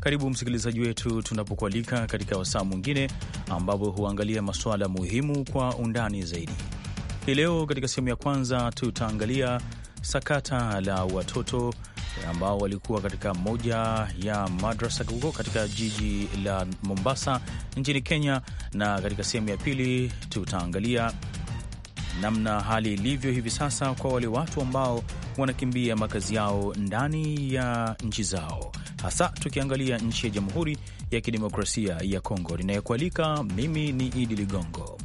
Karibu msikilizaji wetu tunapokualika katika wasaa mwingine ambapo huangalia masuala muhimu kwa undani zaidi. Hii leo katika sehemu ya kwanza tutaangalia sakata la watoto ambao walikuwa katika moja ya madrasa huko katika jiji la Mombasa nchini Kenya, na katika sehemu ya pili tutaangalia namna hali ilivyo hivi sasa kwa wale watu ambao wanakimbia makazi yao ndani ya nchi zao hasa tukiangalia nchi ya Jamhuri ya Kidemokrasia ya Kongo. Ninayekualika mimi ni Idi Ligongo.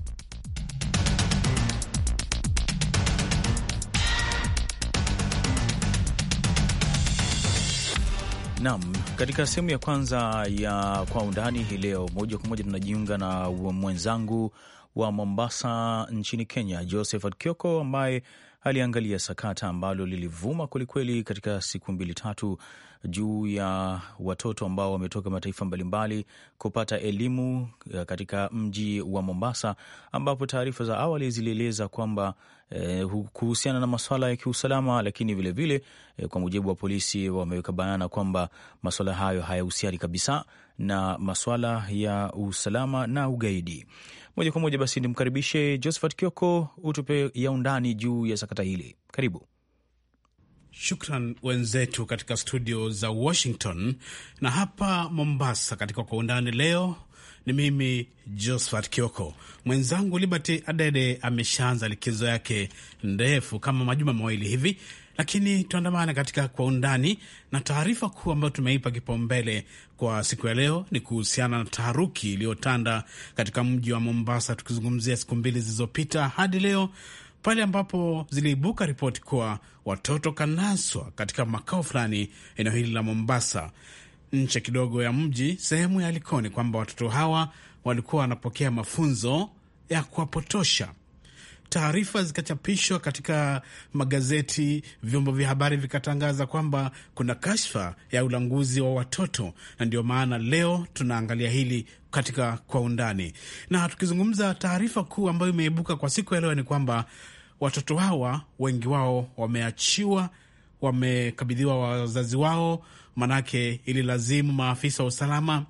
Nam, katika sehemu ya kwanza ya Kwa Undani hii leo, moja kwa moja tunajiunga na mwenzangu wa Mombasa nchini Kenya, Josephat Kioko ambaye aliangalia sakata ambalo lilivuma kwelikweli katika siku mbili tatu juu ya watoto ambao wametoka mataifa mbalimbali kupata elimu eh, katika mji wa Mombasa, ambapo taarifa za awali zilieleza kwamba eh, kuhusiana na maswala ya kiusalama, lakini vilevile vile, eh, kwa mujibu wa polisi wameweka bayana kwamba maswala hayo hayahusiani kabisa na maswala ya usalama na ugaidi. Moja kwa moja basi nimkaribishe Josephat Kioko utupe ya undani juu ya sakata hili. Karibu. Shukran wenzetu katika studio za Washington na hapa Mombasa. Katika Kwa Undani leo ni mimi Josephat Kioko, mwenzangu Liberty Adede ameshaanza likizo yake ndefu kama majuma mawili hivi, lakini tuandamane katika kwa undani na taarifa kuu ambayo tumeipa kipaumbele kwa siku ya leo ni kuhusiana na taharuki iliyotanda katika mji wa Mombasa, tukizungumzia siku mbili zilizopita hadi leo pale ambapo ziliibuka ripoti kuwa watoto kanaswa katika makao fulani eneo hili la Mombasa nche kidogo ya mji, sehemu ya Likoni, kwamba watoto hawa walikuwa wanapokea mafunzo ya kuwapotosha. Taarifa zikachapishwa katika magazeti, vyombo vya habari vikatangaza kwamba kuna kashfa ya ulanguzi wa watoto, na ndio maana leo tunaangalia hili katika kwa undani. Na tukizungumza, taarifa kuu ambayo imeibuka kwa siku ya leo ni kwamba watoto hawa wengi wao wameachiwa, wamekabidhiwa wazazi wao manake ililazimu maafisa wa usalama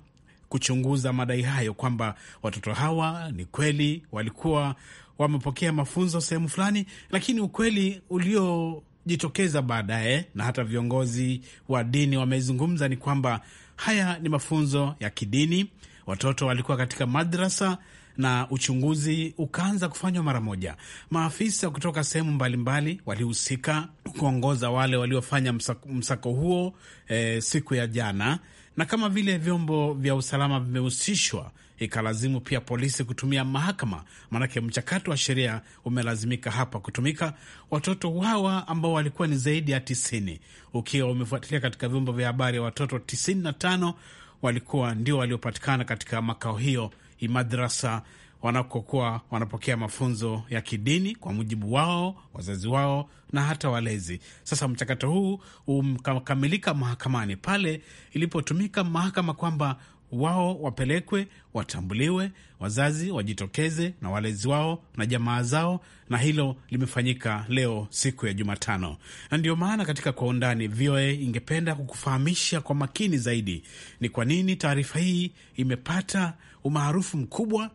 kuchunguza madai hayo kwamba watoto hawa ni kweli walikuwa wamepokea mafunzo sehemu fulani, lakini ukweli uliojitokeza baadaye na hata viongozi wa dini wamezungumza ni kwamba haya ni mafunzo ya kidini. Watoto walikuwa katika madrasa na uchunguzi ukaanza kufanywa mara moja. Maafisa kutoka sehemu mbalimbali walihusika kuongoza wale waliofanya msako, msako huo e, siku ya jana, na kama vile vyombo vya usalama vimehusishwa ikalazimu pia polisi kutumia mahakama, maanake mchakato wa sheria umelazimika hapa kutumika. Watoto hawa ambao walikuwa ni zaidi ya tisini, ukiwa umefuatilia katika vyombo vya habari, watoto tisini na tano walikuwa ndio waliopatikana katika makao hiyo madrasa wanakokuwa wanapokea mafunzo ya kidini kwa mujibu wao, wazazi wao na hata walezi. Sasa mchakato huu umkamilika mahakamani pale ilipotumika mahakama kwamba wao wapelekwe, watambuliwe, wazazi wajitokeze na walezi wao na jamaa zao, na hilo limefanyika leo siku ya Jumatano. Na ndiyo maana katika Kwa Undani, VOA ingependa kukufahamisha kwa makini zaidi ni kwa nini taarifa hii imepata umaarufu mkubwa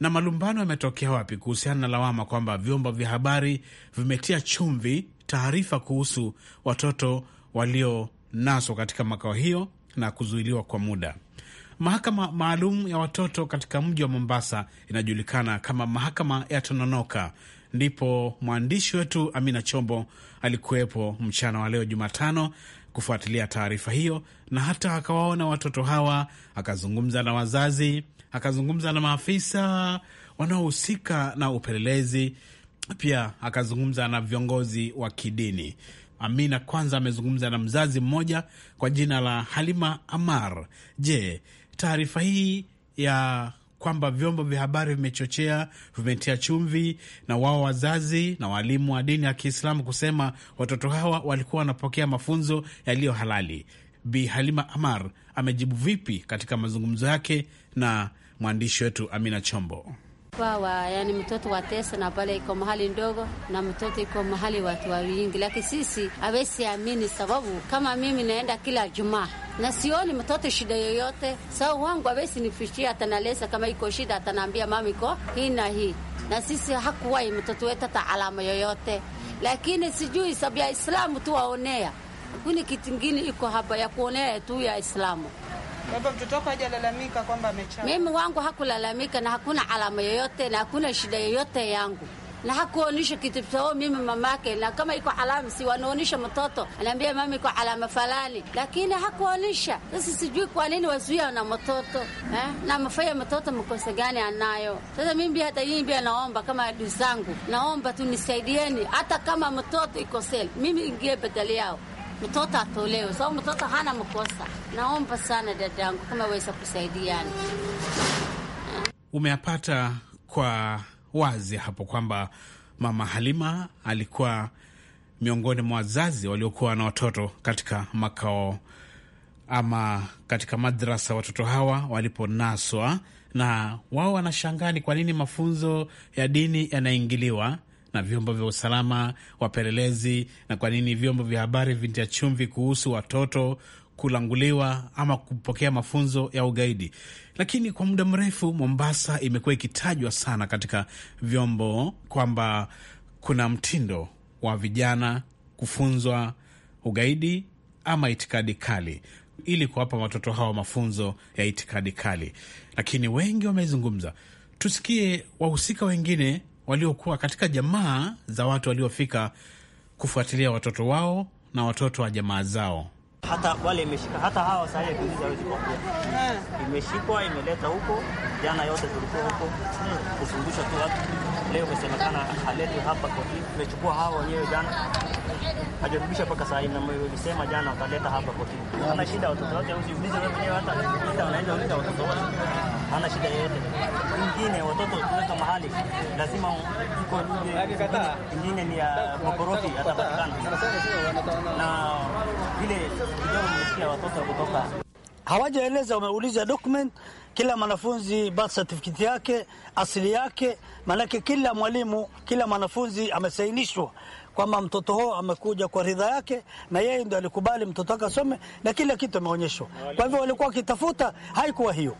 na malumbano yametokea wapi kuhusiana na lawama kwamba vyombo vya habari vimetia chumvi taarifa kuhusu watoto walionaswa katika makao hiyo na kuzuiliwa kwa muda. Mahakama maalum ya watoto katika mji wa Mombasa inajulikana kama mahakama ya Tononoka, ndipo mwandishi wetu Amina Chombo alikuwepo mchana wa leo Jumatano kufuatilia taarifa hiyo, na hata akawaona watoto hawa, akazungumza na wazazi akazungumza na maafisa wanaohusika na upelelezi, pia akazungumza na viongozi wa kidini. Amina kwanza amezungumza na mzazi mmoja kwa jina la Halima Amar. Je, taarifa hii ya kwamba vyombo vya habari vimechochea, vimetia chumvi na wao wazazi na waalimu wa dini ya Kiislamu kusema watoto hawa walikuwa wanapokea mafunzo yaliyo halali. Bi Halima Amar amejibu vipi katika mazungumzo yake na Mwandishi wetu Amina Chombo. Wawa, yani mtoto wa tesa na pale iko mahali ndogo na mtoto iko mahali watu wawingi, lakini sisi awesi amini, sababu kama mimi naenda kila Jumaa na sioni mtoto shida yoyote. Sababu wangu awesi nifishia hatanalesa kama iko shida, atanaambia mama iko hii na hii, na sisi hakuwai mtoto wetu hata alama yoyote, lakini sijui sababu ya Islamu tu waonea kuni kitu ingine iko hapa ya kuonea tu ya Islamu Baba, mtoto wako hajalalamika kwamba amechawa? Mimi wangu hakulalamika na hakuna alama yoyote na hakuna shida yoyote yangu na hakuonyesha kitu kitao oh, mimi mamake, na kama iko alama si wanaonyesha mtoto, anaambia mama iko alama fulani, lakini hakuonyesha. Sasa sijui kwa nini wazuia na mtoto eh? na mafaya mtoto mkosa gani anayo? Sasa mimi hata yeye pia naomba kama adu zangu, naomba tunisaidieni, hata kama mtoto iko sel, mimi ingie badali yao mtoto atolewe, sababu mtoto hana mkosa. Naomba sana dadangu, kama weza kusaidiana. Umeapata kwa wazi hapo kwamba Mama Halima alikuwa miongoni mwa wazazi waliokuwa na watoto katika makao ama katika madrasa, watoto hawa waliponaswa, na wao wanashangaa ni kwa nini mafunzo ya dini yanaingiliwa na vyombo vya usalama, wapelelezi na kwa nini vyombo vya habari vintia chumvi kuhusu watoto kulanguliwa ama kupokea mafunzo ya ugaidi. Lakini kwa muda mrefu Mombasa imekuwa ikitajwa sana katika vyombo kwamba kuna mtindo wa vijana kufunzwa ugaidi ama itikadi kali ili kuwapa watoto hawa mafunzo ya itikadi kali. Lakini wengi wamezungumza, tusikie wahusika wengine waliokuwa katika jamaa za watu waliofika kufuatilia watoto wao na watoto wa jamaa zao. Hata wale imeshika, hata hawa saa hii akiuliza hawezi kuambia. Imeshikwa, imeleta huko. Jana yote tulikuwa huko kuzungusha tu watu, leo imesemekana haletwe hapa kwa hii. Tumechukua hawa wenyewe jana, hajarudisha mpaka saa hii, na jana wataleta hapa kwa hii. Hana shida, watoto wote usiulize wewe mwenyewe, hata ita wanaweza uliza watoto wote hana shida yoyote. Ingine watoto kuleta mahali lazima iko nje, ingine ni ya mokorofi atapatikana, na vile kidogo nimesikia watoto wa kutoka hawajaeleza, wameuliza document kila mwanafunzi birth certificate yake, asili yake, maanake kila mwalimu, kila mwanafunzi amesainishwa kwamba mtoto huo amekuja kwa ridha yake na yeye ndio alikubali mtoto akasome, na kila kitu ameonyeshwa. Kwa hivyo walikuwa wakitafuta, haikuwa hiyo.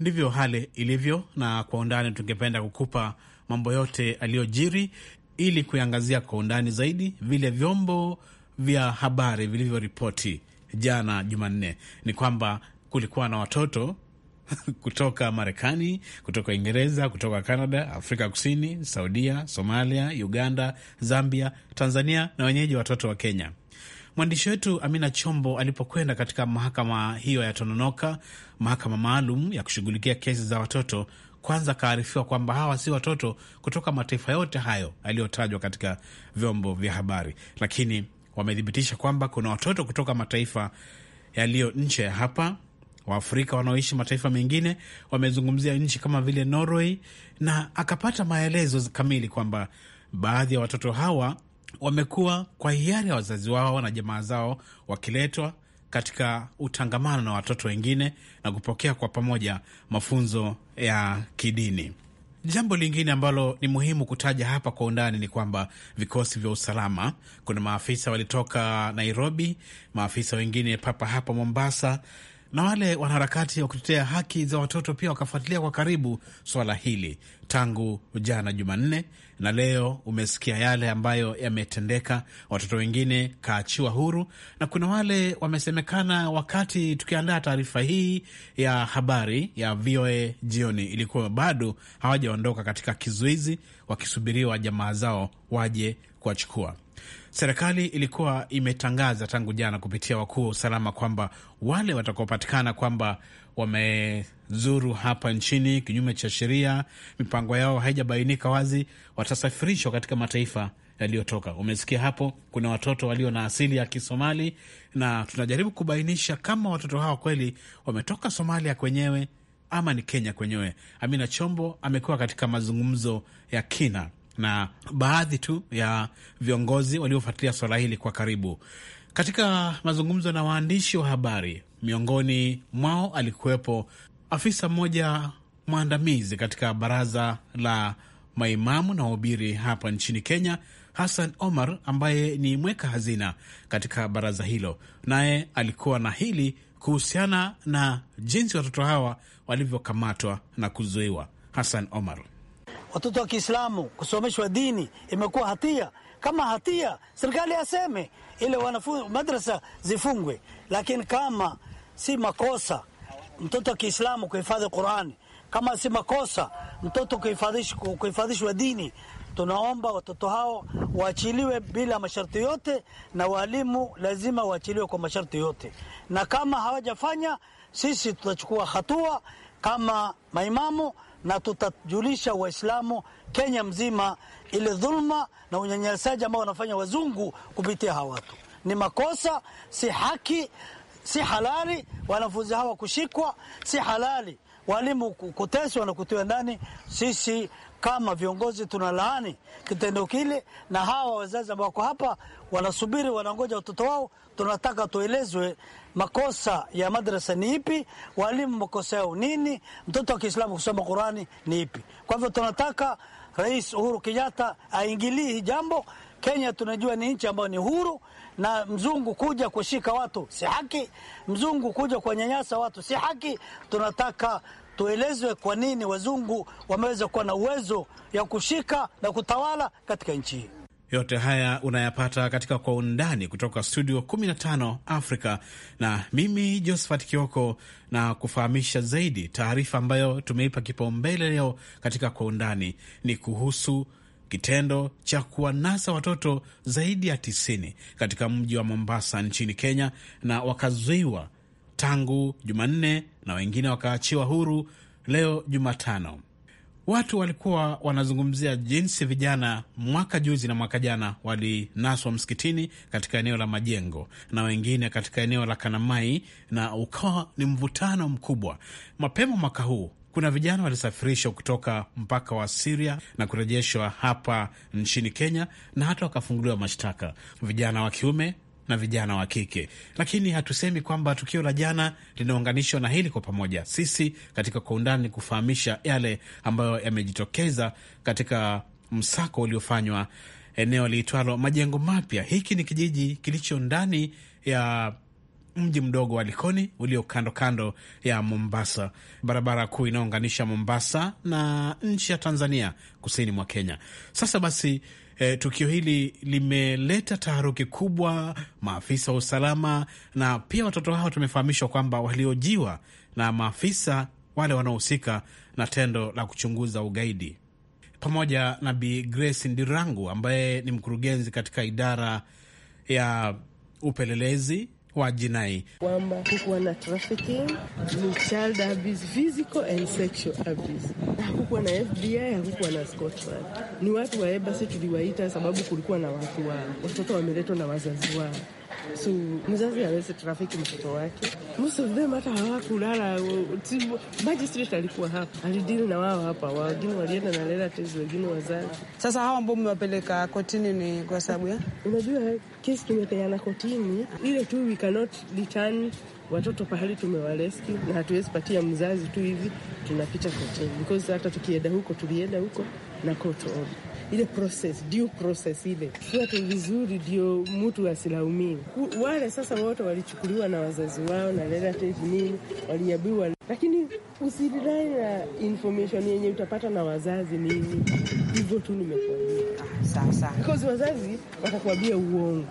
Ndivyo hali ilivyo, na kwa undani tungependa kukupa mambo yote aliyojiri ili kuiangazia kwa undani zaidi vile vyombo vya habari vilivyoripoti jana Jumanne ni kwamba kulikuwa na watoto kutoka Marekani, kutoka Uingereza, kutoka Canada, Afrika Kusini, Saudia, Somalia, Uganda, Zambia, Tanzania na wenyeji watoto wa Kenya Mwandishi wetu Amina Chombo alipokwenda katika mahakama hiyo ya Tononoka, mahakama maalum ya kushughulikia kesi za watoto, kwanza akaarifiwa kwamba hawa si watoto kutoka mataifa yote hayo yaliyotajwa katika vyombo vya habari, lakini wamethibitisha kwamba kuna watoto kutoka mataifa yaliyo nje ya hapa Waafrika wanaoishi mataifa mengine. Wamezungumzia nchi kama vile Norway, na akapata maelezo kamili kwamba baadhi ya watoto hawa wamekuwa kwa hiari ya wazazi wao na jamaa zao wakiletwa katika utangamano na watoto wengine na kupokea kwa pamoja mafunzo ya kidini. Jambo lingine ambalo ni muhimu kutaja hapa kwa undani ni kwamba vikosi vya usalama, kuna maafisa walitoka Nairobi, maafisa wengine papa hapa Mombasa na wale wanaharakati wa kutetea haki za watoto pia wakafuatilia kwa karibu swala hili tangu jana Jumanne, na leo umesikia yale ambayo yametendeka. Watoto wengine kaachiwa huru, na kuna wale wamesemekana. Wakati tukiandaa taarifa hii ya habari ya VOA jioni, ilikuwa bado hawajaondoka katika kizuizi, wakisubiriwa jamaa zao waje kuwachukua. Serikali ilikuwa imetangaza tangu jana kupitia wakuu wa usalama kwamba wale watakaopatikana kwamba wamezuru hapa nchini kinyume cha sheria, mipango yao haijabainika wazi, watasafirishwa katika mataifa yaliyotoka. Umesikia hapo, kuna watoto walio na asili ya Kisomali na tunajaribu kubainisha kama watoto hawa kweli wametoka Somalia kwenyewe ama ni Kenya kwenyewe. Amina Chombo amekuwa katika mazungumzo ya kina na baadhi tu ya viongozi waliofuatilia swala hili kwa karibu. Katika mazungumzo na waandishi wa habari, miongoni mwao alikuwepo afisa mmoja mwandamizi katika baraza la maimamu na wahubiri hapa nchini Kenya, Hassan Omar, ambaye ni mweka hazina katika baraza hilo, naye alikuwa na hili kuhusiana na jinsi watoto hawa walivyokamatwa na kuzuiwa. Hassan Omar watoto wa Kiislamu kusomeshwa dini imekuwa hatia. Kama hatia, serikali aseme ile wanafunzi madrasa zifungwe, lakini kama si makosa mtoto wa Kiislamu kuhifadhi Qurani, kama si makosa mtoto kuhifadhishwa dini, tunaomba watoto hao waachiliwe bila masharti yote, na walimu lazima waachiliwe kwa masharti yote, na kama hawajafanya sisi tutachukua hatua kama maimamu na tutajulisha Waislamu Kenya mzima ile dhulma na unyanyasaji ambao wanafanya wazungu kupitia hawa watu. Ni makosa, si haki, si halali wanafunzi hawa kushikwa, si halali walimu kuteswa na kutiwa ndani. Sisi kama viongozi tunalaani kitendo kile, na hawa wazazi ambao wako hapa wanasubiri, wanangoja watoto wao. Tunataka tuelezwe makosa ya madrasa ni ipi, walimu makosa yao nini, mtoto wa Kiislamu kusoma Qurani ni ipi? Kwa hivyo tunataka Rais Uhuru Kenyatta aingilie hii jambo. Kenya tunajua ni nchi ambayo ni huru, na mzungu kuja kushika watu si haki, mzungu kuja kuwanyanyasa watu si haki. Tunataka tuelezwe kwa nini wazungu wameweza kuwa na uwezo ya kushika na kutawala katika nchi hii. Yote haya unayapata katika Kwa Undani kutoka studio 15 Afrika na mimi Josephat Kioko, na kufahamisha zaidi taarifa ambayo tumeipa kipaumbele leo katika Kwa Undani ni kuhusu kitendo cha kuwanasa watoto zaidi ya 90 katika mji wa Mombasa nchini Kenya na wakazuiwa tangu Jumanne na wengine wakaachiwa huru leo Jumatano. Watu walikuwa wanazungumzia jinsi vijana mwaka juzi na mwaka jana walinaswa msikitini katika eneo la Majengo na wengine katika eneo la Kanamai, na ukawa ni mvutano mkubwa. Mapema mwaka huu kuna vijana walisafirishwa kutoka mpaka wa Siria na kurejeshwa hapa nchini Kenya na hata wakafunguliwa mashtaka. Vijana wa kiume na vijana wa kike, lakini hatusemi kwamba tukio la jana linaunganishwa na hili. Kwa pamoja sisi katika Kwa Undani kufahamisha yale ambayo yamejitokeza katika msako uliofanywa eneo liitwalo Majengo Mapya. Hiki ni kijiji kilicho ndani ya mji mdogo wa Likoni ulio kando kando ya Mombasa, barabara kuu inayounganisha Mombasa na nchi ya Tanzania, kusini mwa Kenya. Sasa basi eh, tukio hili limeleta taharuki kubwa, maafisa wa usalama na pia watoto hao tumefahamishwa kwamba waliojiwa na maafisa wale wanaohusika na tendo la kuchunguza ugaidi, pamoja na Bi Grace Ndirangu ambaye ni mkurugenzi katika idara ya upelelezi wa jinai kwamba hukuwa na trafficking, ni child abuse, physical and sexual abuse. Hakukuwa na FBI, hakukuwa na Scotland. Ni watu wa ebasi tuliwaita, sababu kulikuwa na watu wao, watoto wameletwa na wazazi wao So mzazi aweze trafiki mtoto wake. Most of them hata hawakulala. Magistrate alikuwa hapa, alidili na wao hapa, wengine walienda na wengine wazazi. Sasa hawa ambao mmewapeleka kotini ni kwa sababu ya unajua, kesi tumepeana kotini ile tu, we cannot return watoto pahali tumewareski na hatuwezi patia mzazi tu hivi, tunapita kotini because hata tukienda huko tulienda huko na court order ile process, due process ile fuate vizuri, ndio mtu asilaumiwe. Wale sasa wote walichukuliwa na wazazi wao na relative nini, waliabiwa, lakini usirilai na information yenye utapata na wazazi nini. Hivyo tu nimekuambia ah, sasa, because wazazi watakuambia uongo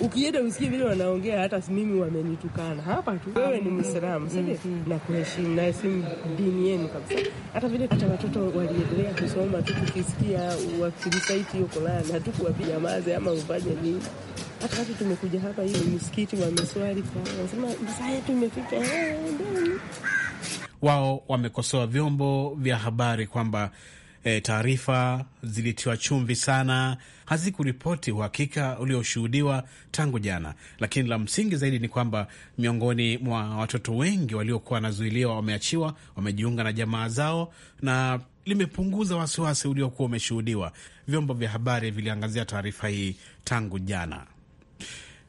ukienda usikie vile wanaongea, hata mimi wamenitukana hapa tu. Wewe ni Muislamu sasa, mm-hmm. na kuheshimu na heshimu dini yenu kabisa. Hata vile hata watoto waliendelea kusoma tu, tukisikia wakirisaiti hiyo Qur'an hatukuwapigamaze ama ufanye nini hata watu tumekuja hapa hiyo msikiti wa miswari wanasema masaa yetu imefika. Eh, Wao wamekosoa vyombo vya habari kwamba e, taarifa zilitiwa chumvi sana, hazikuripoti uhakika ulioshuhudiwa tangu jana. Lakini la msingi zaidi ni kwamba miongoni mwa watoto wengi waliokuwa wanazuiliwa wameachiwa, wamejiunga na jamaa zao na limepunguza wasiwasi uliokuwa umeshuhudiwa. Vyombo vya habari viliangazia taarifa hii tangu jana.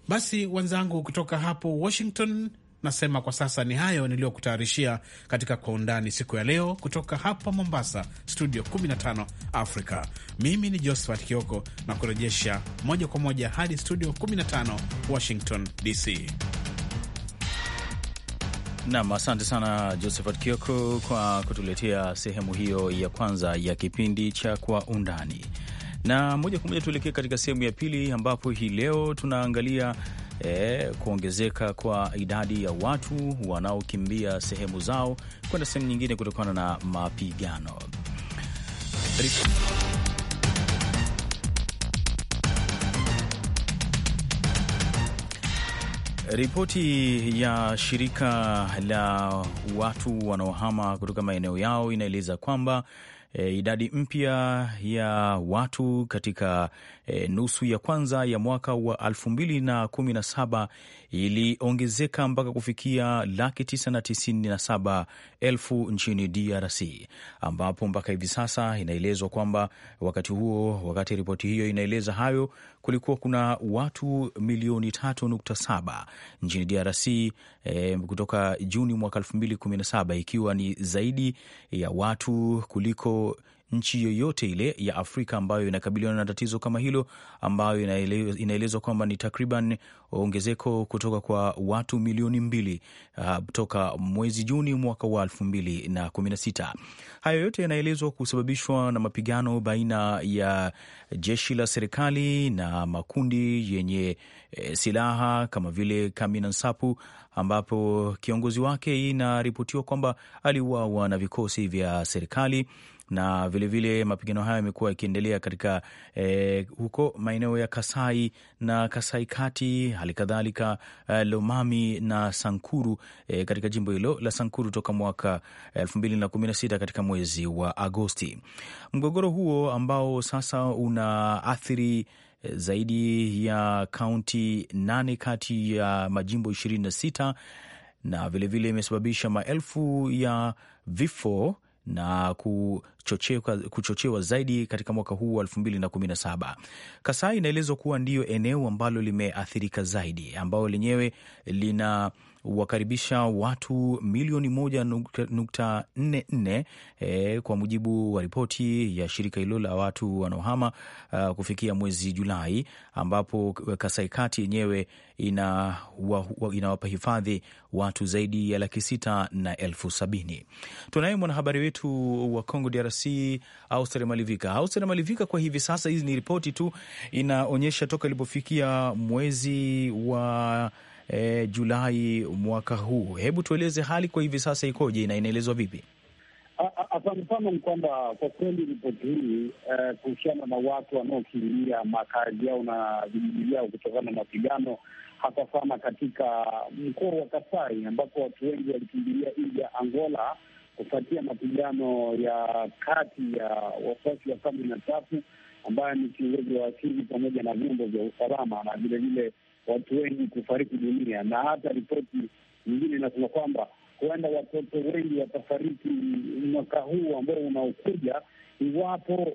Basi wenzangu, kutoka hapo Washington, Nasema kwa sasa ni hayo niliyokutayarishia katika Kwa Undani siku ya leo, kutoka hapa Mombasa, studio 15 Africa. Mimi ni Josephat Kioko na kurejesha moja kwa moja hadi studio 15 Washington DC. Nam, asante sana Josephat Kioko kwa kutuletea sehemu hiyo ya kwanza ya kipindi cha Kwa Undani, na moja kwa moja tuelekee katika sehemu ya pili ambapo hii leo tunaangalia eh, kuongezeka kwa idadi ya watu wanaokimbia sehemu zao kwenda sehemu nyingine kutokana na mapigano. Ripoti ya shirika la watu wanaohama kutoka maeneo yao inaeleza kwamba e, idadi mpya ya watu katika e, nusu ya kwanza ya mwaka wa 2017 iliongezeka mpaka kufikia laki tisa na tisini elfu nchini DRC, ambapo mpaka hivi sasa inaelezwa kwamba wakati huo, wakati ripoti hiyo inaeleza hayo, kulikuwa kuna watu milioni tatu nchini DRC e, kutoka Juni mwaka 2017 ikiwa ni zaidi ya watu kuliko nchi yoyote ile ya Afrika ambayo inakabiliwa na tatizo kama hilo, ambayo inaelezwa kwamba ni takriban ongezeko kutoka kwa watu milioni mbili uh, toka mwezi Juni mwaka wa elfu mbili na kumi na sita. Hayo yote yanaelezwa kusababishwa na mapigano baina ya jeshi la serikali na makundi yenye e, silaha kama vile Kamina Nsapu ambapo kiongozi wake inaripotiwa kwamba aliuawa na vikosi vya serikali na vilevile mapigano hayo yamekuwa yakiendelea katika e, huko maeneo ya Kasai na Kasai Kati, hali kadhalika e, Lomami na Sankuru e, katika jimbo hilo la Sankuru toka mwaka 2016 katika mwezi wa Agosti. Mgogoro huo ambao sasa una athiri zaidi ya kaunti nane kati ya majimbo 26 na vilevile imesababisha maelfu ya vifo na ku kuchochewa zaidi katika mwaka huu wa 2017. Kasai inaelezwa kuwa ndiyo eneo ambalo limeathirika zaidi, ambao lenyewe lina wakaribisha watu milioni moja nukta nne nne e, kwa mujibu wa ripoti ya shirika hilo la watu wanaohama uh, kufikia mwezi Julai, ambapo Kasai Kati yenyewe inawapa hifadhi watu zaidi ya laki sita na elfu sabini. Tunaye mwanahabari wetu wa Congo DRC si Austria Malivika. Austria Malivika, kwa hivi sasa, hizi ni ripoti tu, inaonyesha toka ilipofikia mwezi wa e, Julai mwaka huu. Hebu tueleze hali kwa hivi sasa ikoje na inaelezwa vipi? Asante sana. Ni kwamba kwa kweli ripoti hii uh, kuhusiana na watu wanaokimbilia makazi yao na vijiji vyao kutokana na mapigano, hasa sana katika mkoa wa Kasai ambapo watu wengi walikimbilia nji ya Angola kufuatia mapigano ya kati ya wafuasi wa kumi na tatu ambayo ni kiongozi wa asili pamoja na vyombo vya usalama na vilevile watu wengi kufariki dunia, na hata ripoti nyingine inasema kwamba huenda watoto wengi watafariki mwaka huu ambao unaokuja iwapo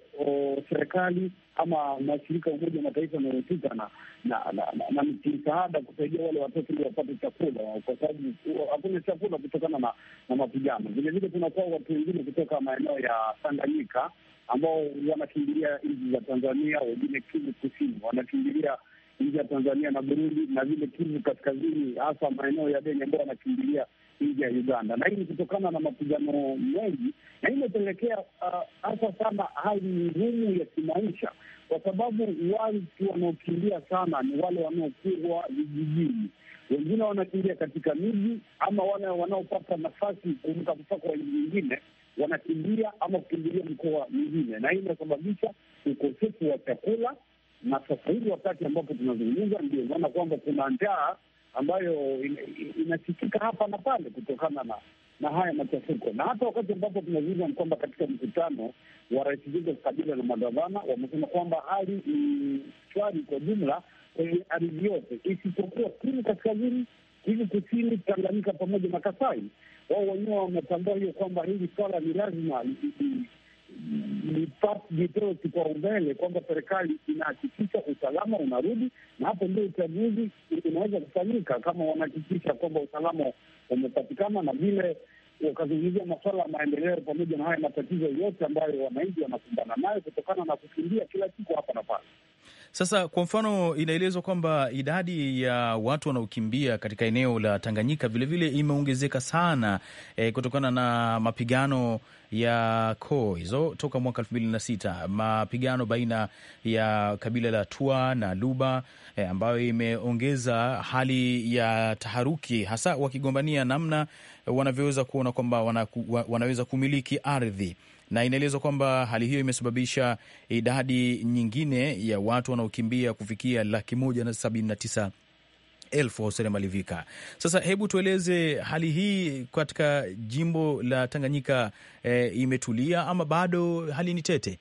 serikali ama mashirika ya Umoja wa Mataifa yanayohusika na na, na, misaada kusaidia wale watoto ili wapate chakula, kwa sababu hakuna chakula kutokana na, na mapigano. Vilevile kunakuwa watu wengine kutoka maeneo ya Tanganyika ambao wanakimbilia nchi za Tanzania, wengine Kivu Kusini wanakimbilia nchi ya Tanzania na Burundi, na vile Kivu Kaskazini, hasa maeneo ya Beni ambao wanakimbilia nji ya Uganda, na ni kutokana na mapigano mengi na hii imepelekea uh, hasa uh, sana hali ngumu ya kimaisha, kwa sababu watu wanaokimbia sana ni wale wanaokuwa vijijini wengine wanakimbia katika miji ama wale wanaopata nafasi kuvuka mpaka wa nchi nyingine wanakimbia ama kukimbilia mkoa mingine, na hii inasababisha ukosefu wa chakula. Na sasa hivi wakati ambapo tunazungumza, ndio maana kwamba kuna njaa ambayo inasikika hapa na pale kutokana na na haya machafuko. Na hata wakati ambapo tunazungumza ni kwamba katika mkutano wa Rais Joseph Kabila na magavana wamesema kwamba hali ni shwari kwa jumla kwenye ardhi yote isipokuwa Kivu Kaskazini, Kivu Kusini, Tanganyika pamoja na Kasai. Wao wenyewe wametambua hiyo kwamba hili swala ni lazima vipewe kipaumbele kwamba serikali inahakikisha usalama unarudi, na hapo ndio uchaguzi unaweza kufanyika, kama wanahakikisha kwamba usalama umepatikana na vile wakazungumzia masuala ya maendeleo pamoja na haya matatizo yote ambayo wananchi wanakumbana nayo kutokana na kukimbia kila siku hapa na pale. Sasa kwa mfano, inaelezwa kwamba idadi ya watu wanaokimbia katika eneo la Tanganyika vilevile imeongezeka sana e, kutokana na mapigano ya koo hizo toka mwaka elfu mbili na sita, mapigano baina ya kabila la Tua na Luba e, ambayo imeongeza hali ya taharuki, hasa wakigombania namna wanavyoweza kuona kwamba wanaweza kumiliki ardhi na inaelezwa kwamba hali hiyo imesababisha idadi nyingine ya watu wanaokimbia kufikia laki moja na sabini na tisa elfu. Hosere Malivika, sasa hebu tueleze hali hii katika jimbo la Tanganyika, e, imetulia ama bado hali ni tete?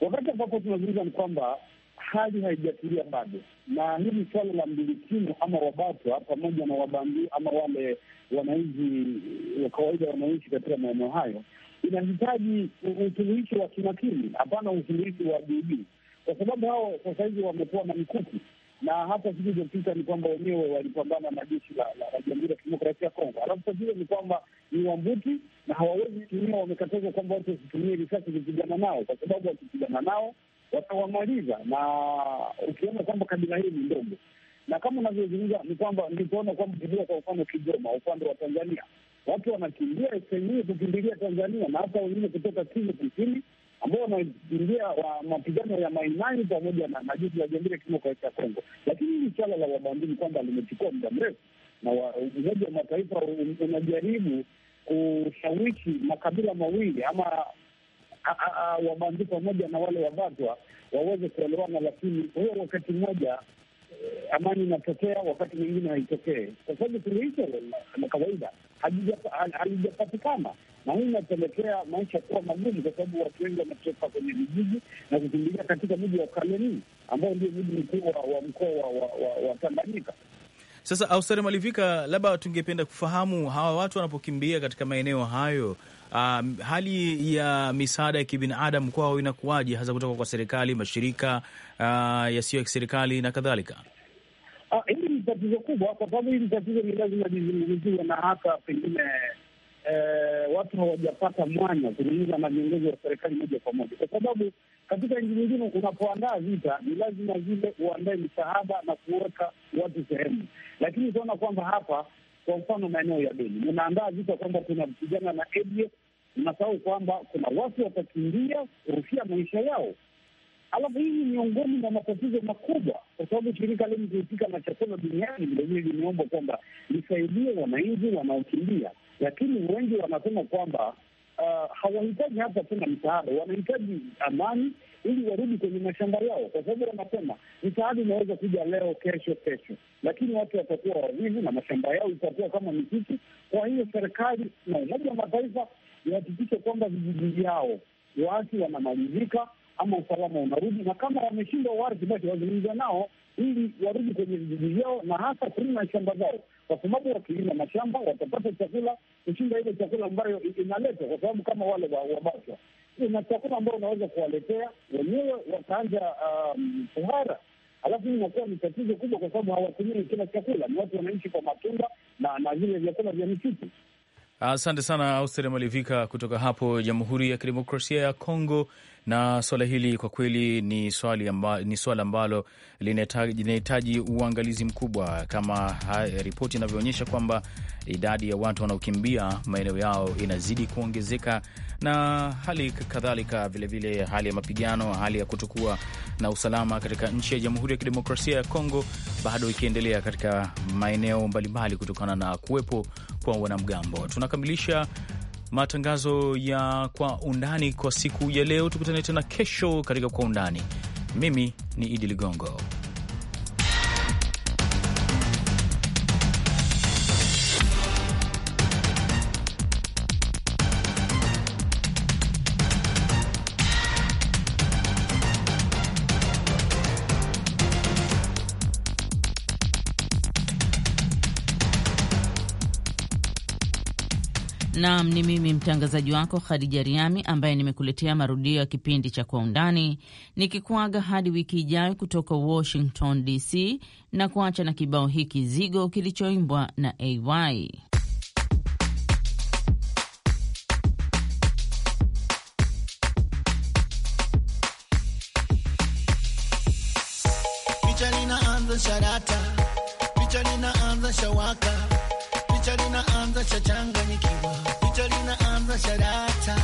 Wakati ambapo tunazungumza ni kwamba hali haijatulia bado, na hili swala la mbilikimu ama Wabatwa pamoja na Wabandu ama wale wananchi wa kawaida wanaishi katika maeneo hayo inahitaji usuluhishi wa kimakini, hapana usuluhishi wa juujuu, kwa sababu hao sasa hivi wamekuwa na mikuki, na hata siku zilizopita ni kwamba wenyewe walipambana na jeshi la Jamhuri ya Kidemokrasia ya Kongo. Alafu tatizo ni kwamba ni wambuti na hawawezi kutumia, wamekatazwa kwamba watu wasitumie risasi kupigana nao, kwa sababu wakipigana nao watawamaliza, na ukiona kwamba kabila hii ni ndogo na kama unavyozungumza ni kwamba nilipoona kwamba kijua, kwa mfano Kigoma upande wa Tanzania watu wanakimbia sehemu kukimbilia Tanzania na hata wengine kutoka Kivu Kusini ambao wanakimbia wa mapigano ya Maimai pamoja na majeshi ya Jamhuri ya Kidemokrasia ya Kongo. Lakini hili swala la wabandini kwamba limechukua muda mrefu, na Umoja wa Mataifa unajaribu kushawishi makabila mawili ama wabandi pamoja na wale wabatwa waweze kuelewana, lakini huo wakati mmoja Eh, amani inatokea, wakati mwingine haitokee, kwa sababu suluhisho la kawaida halijapatikana, na hii inapelekea maisha kuwa magumu, kwa sababu watu wengi wametoka kwenye vijiji na kukimbilia katika mji wa kaleni ambao ndio mji mkuu wa mkoa wa Tanganyika. Sasa Austari Malivika, labda tungependa kufahamu hawa watu wanapokimbia katika maeneo hayo um, hali ya misaada ya kibinadamu kwao inakuwaje, hasa kutoka kwa serikali, mashirika uh, yasiyo ya kiserikali na kadhalika? Ah, hili ni tatizo kubwa, kwa sababu hili tatizo ni lazima lizungumziwe, na hata pengine eh, watu hawajapata mwanya kuzungumza na viongozi wa serikali moja kwa moja, kwa sababu katika nchi nyingine unapoandaa vita ni lazima vile uandae misaada na kuweka watu sehemu, lakini utaona kwamba hapa kwa mfano maeneo ya Beni, munaandaa vita kwamba kuna vijana na ADF, mnasahau kwamba kuna watu watakimbia kurushia maisha yao. Alafu hii ni miongoni mwa matatizo makubwa, kwa sababu shirika lenye kuhusika na chakula duniani vilevile limeomba kwamba lisaidie wananchi wanaokimbia, lakini wengi wanasema kwamba uh, hawahitaji hata tena mtaada, wanahitaji amani ili warudi kwenye mashamba yao, kwa sababu wanasema mtaada unaweza kuja leo, kesho, kesho, lakini watu watakuwa wavivu na mashamba yao itakuwa kama misitu. Kwa hiyo serikali na Umoja wa Mataifa ihakikishe kwamba vijiji vyao waasi wanamalizika ama usalama unarudi, na kama wameshindwa waasi, basi wazungumza nao ili warudi kwenye vijiji vyao na hasa kulima shamba zao kwa sababu wakilima mashamba watapata chakula kushinda ile chakula ambayo inaletwa, kwa sababu kama wale wabachwa una chakula ambayo unaweza kuwaletea wenyewe, wataanja fungara um, alafu inakuwa ni tatizo kubwa, kwa sababu hawatumii kila chakula. Ni watu wanaishi kwa matunda na na vile vyakula vya misitu. Asante sana austeri Malivika kutoka hapo Jamhuri ya Kidemokrasia ya Kongo na swala hili kwa kweli ni swali amba, ni swala ambalo linahitaji uangalizi mkubwa, kama ripoti inavyoonyesha kwamba idadi ya watu wanaokimbia maeneo yao inazidi kuongezeka, na hali kadhalika vilevile hali ya mapigano, hali ya kutokuwa na usalama katika nchi ya Jamhuri ya Kidemokrasia ya Kongo bado ikiendelea katika maeneo mbalimbali kutokana na kuwepo kwa wanamgambo. Tunakamilisha matangazo ya Kwa Undani kwa siku ya leo. Tukutane tena kesho katika Kwa Undani. Mimi ni Idi Ligongo. Naam, ni mimi mtangazaji wako Khadija Riami ambaye nimekuletea marudio ya kipindi cha Kwa Undani, nikikuaga hadi wiki ijayo kutoka Washington DC, na kuacha na kibao hiki zigo kilichoimbwa na AY. Picha linaanza sharata, picha linaanza shawaka, picha linaanza masarata.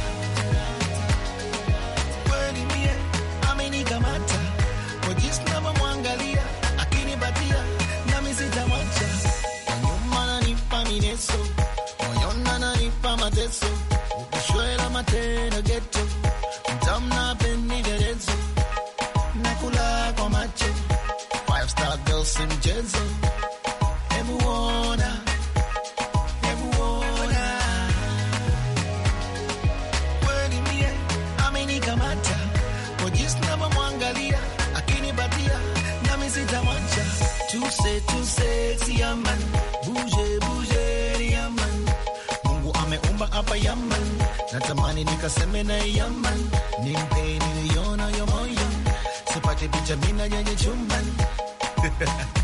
Mungu sexy Yaman, buje buje Yaman, Mungu ameumba natamani nikaseme na Yaman, nimpe niliona yomoyo, sipate picha mina nyenye chumban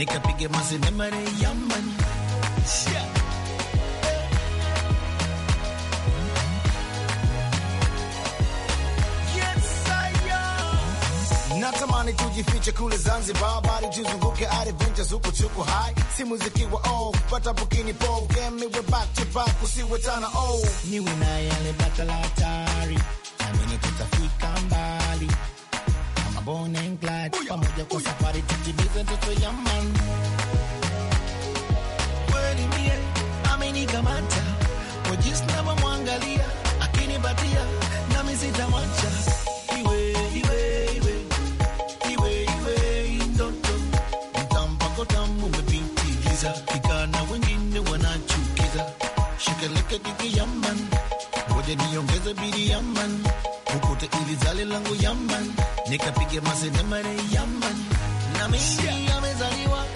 nikapige mazinemare yamani yeah. Natamani tujifiche kule Zanzibar, bali tuzunguke adventures huko chuko high, si muziki wa old pata bukini po game we back to back, usiwe tana old niwe na yale bata la hatari, amini tutafika mbali Bonning Clyde pamoja kwa safari tutimize ndoto ya man. Kweli mie amenikamata kwa jinsi navyomwangalia akinipatia nami sitamwacha iwe kiki yaman ngoja niongeze bidi yaman ndoto ili zale langu yaman, nikapiga masenema yaman, na mimi amezaliwa